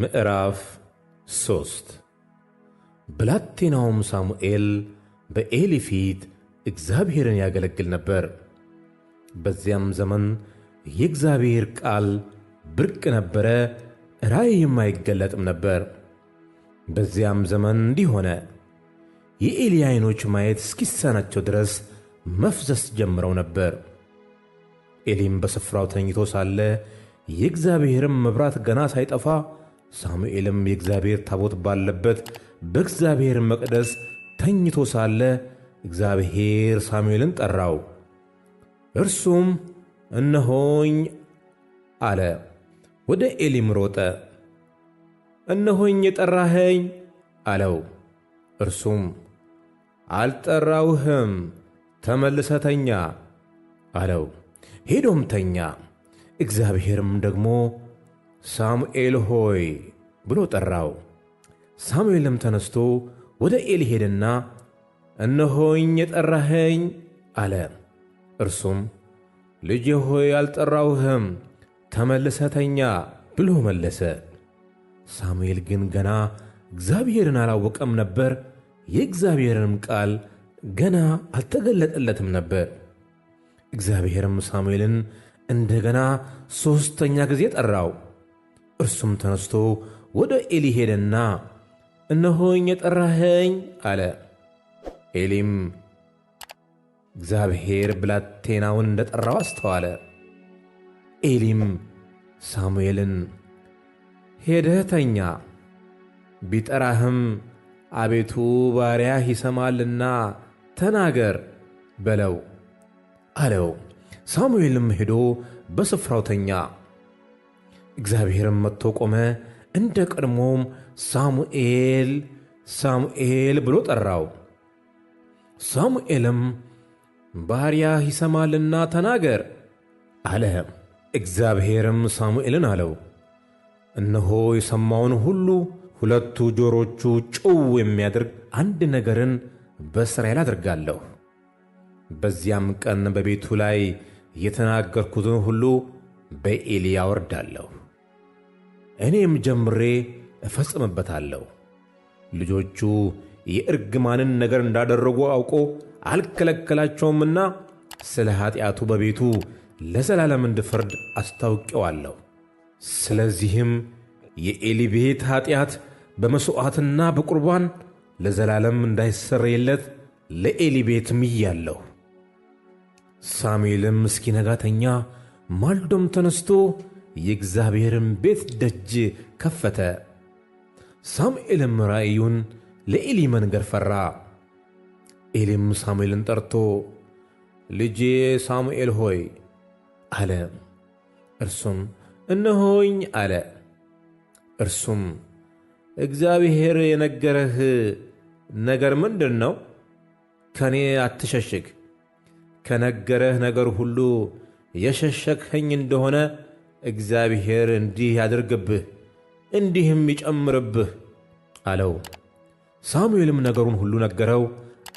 ምዕራፍ ሶስት ብላቴናውም ሳሙኤል በኤሊ ፊት እግዚአብሔርን ያገለግል ነበር። በዚያም ዘመን የእግዚአብሔር ቃል ብርቅ ነበረ፣ ራእይም አይገለጥም ነበር። በዚያም ዘመን እንዲህ ሆነ፣ የኤሊ ዓይኖች ማየት እስኪሳናቸው ድረስ መፍዘስ ጀምረው ነበር። ኤሊም በስፍራው ተኝቶ ሳለ የእግዚአብሔርም መብራት ገና ሳይጠፋ ሳሙኤልም የእግዚአብሔር ታቦት ባለበት በእግዚአብሔር መቅደስ ተኝቶ ሳለ እግዚአብሔር ሳሙኤልን ጠራው። እርሱም እነሆኝ አለ። ወደ ኤሊም ሮጠ። እነሆኝ የጠራኸኝ አለው። እርሱም አልጠራውህም፣ ተመልሰተኛ አለው። ሄዶም ተኛ። እግዚአብሔርም ደግሞ ሳሙኤል ሆይ ብሎ ጠራው። ሳሙኤልም ተነስቶ ወደ ኤሊ ሄደና እነሆኝ የጠራኸኝ አለ። እርሱም ልጄ ሆይ አልጠራውህም፣ ተመልሰተኛ ብሎ መለሰ። ሳሙኤል ግን ገና እግዚአብሔርን አላወቀም ነበር፣ የእግዚአብሔርንም ቃል ገና አልተገለጠለትም ነበር። እግዚአብሔርም ሳሙኤልን እንደገና ሦስተኛ ጊዜ ጠራው። እርሱም ተነስቶ ወደ ኤሊ ሄደና እነሆኝ የጠራኸኝ አለ። ኤሊም እግዚአብሔር ብላቴናውን እንደ ጠራው አስተዋለ። ኤሊም ሳሙኤልን ሄደህ ተኛ፣ ቢጠራህም አቤቱ ባሪያህ ይሰማልና ተናገር በለው አለው። ሳሙኤልም ሄዶ በስፍራው ተኛ። እግዚአብሔርም መጥቶ ቆመ፣ እንደ ቀድሞም ሳሙኤል ሳሙኤል ብሎ ጠራው። ሳሙኤልም ባሪያህ ይሰማልና ተናገር አለ። እግዚአብሔርም ሳሙኤልን አለው፣ እነሆ የሰማውን ሁሉ ሁለቱ ጆሮቹ ጭው የሚያደርግ አንድ ነገርን በእስራኤል አድርጋለሁ። በዚያም ቀን በቤቱ ላይ የተናገርኩትን ሁሉ በኤሊ አወርዳለሁ። እኔም ጀምሬ እፈጽምበታለሁ። ልጆቹ የእርግማንን ነገር እንዳደረጉ አውቆ አልከለከላቸውምና ስለ ኃጢአቱ በቤቱ ለዘላለም እንድፈርድ አስታውቄዋለሁ። ስለዚህም የዔሊ ቤት ኃጢአት በመሥዋዕትና በቁርባን ለዘላለም እንዳይሰረይለት ለዔሊ ቤት ምያለሁ። ሳሙኤልም እስኪነጋተኛ ማልዶም ተነስቶ የእግዚአብሔርን ቤት ደጅ ከፈተ። ሳሙኤልም ራእዩን ለኤሊ መንገር ፈራ። ኤሊም ሳሙኤልን ጠርቶ ልጄ ሳሙኤል ሆይ አለ። እርሱም እነሆኝ አለ። እርሱም እግዚአብሔር የነገረህ ነገር ምንድን ነው? ከኔ አትሸሽግ። ከነገረህ ነገር ሁሉ የሸሸግኸኝ እንደሆነ እግዚአብሔር እንዲህ ያድርግብህ እንዲህም ይጨምርብህ አለው። ሳሙኤልም ነገሩን ሁሉ ነገረው፣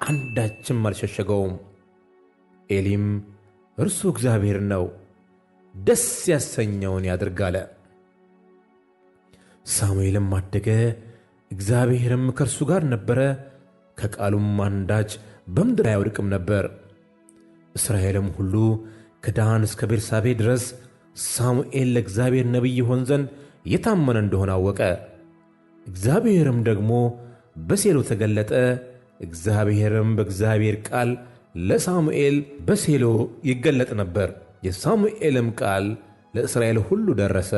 አንዳችም አልሸሸገውም። ኤሊም እርሱ እግዚአብሔር ነው፣ ደስ ያሰኘውን ያድርግ አለ። ሳሙኤልም አደገ፣ እግዚአብሔርም ከእርሱ ጋር ነበረ፣ ከቃሉም አንዳች በምድር አያወድቅም ነበር። እስራኤልም ሁሉ ከዳን እስከ ቤርሳቤ ድረስ ሳሙኤል ለእግዚአብሔር ነቢይ ይሆን ዘንድ የታመነ እንደሆነ አወቀ። እግዚአብሔርም ደግሞ በሴሎ ተገለጠ። እግዚአብሔርም በእግዚአብሔር ቃል ለሳሙኤል በሴሎ ይገለጥ ነበር። የሳሙኤልም ቃል ለእስራኤል ሁሉ ደረሰ።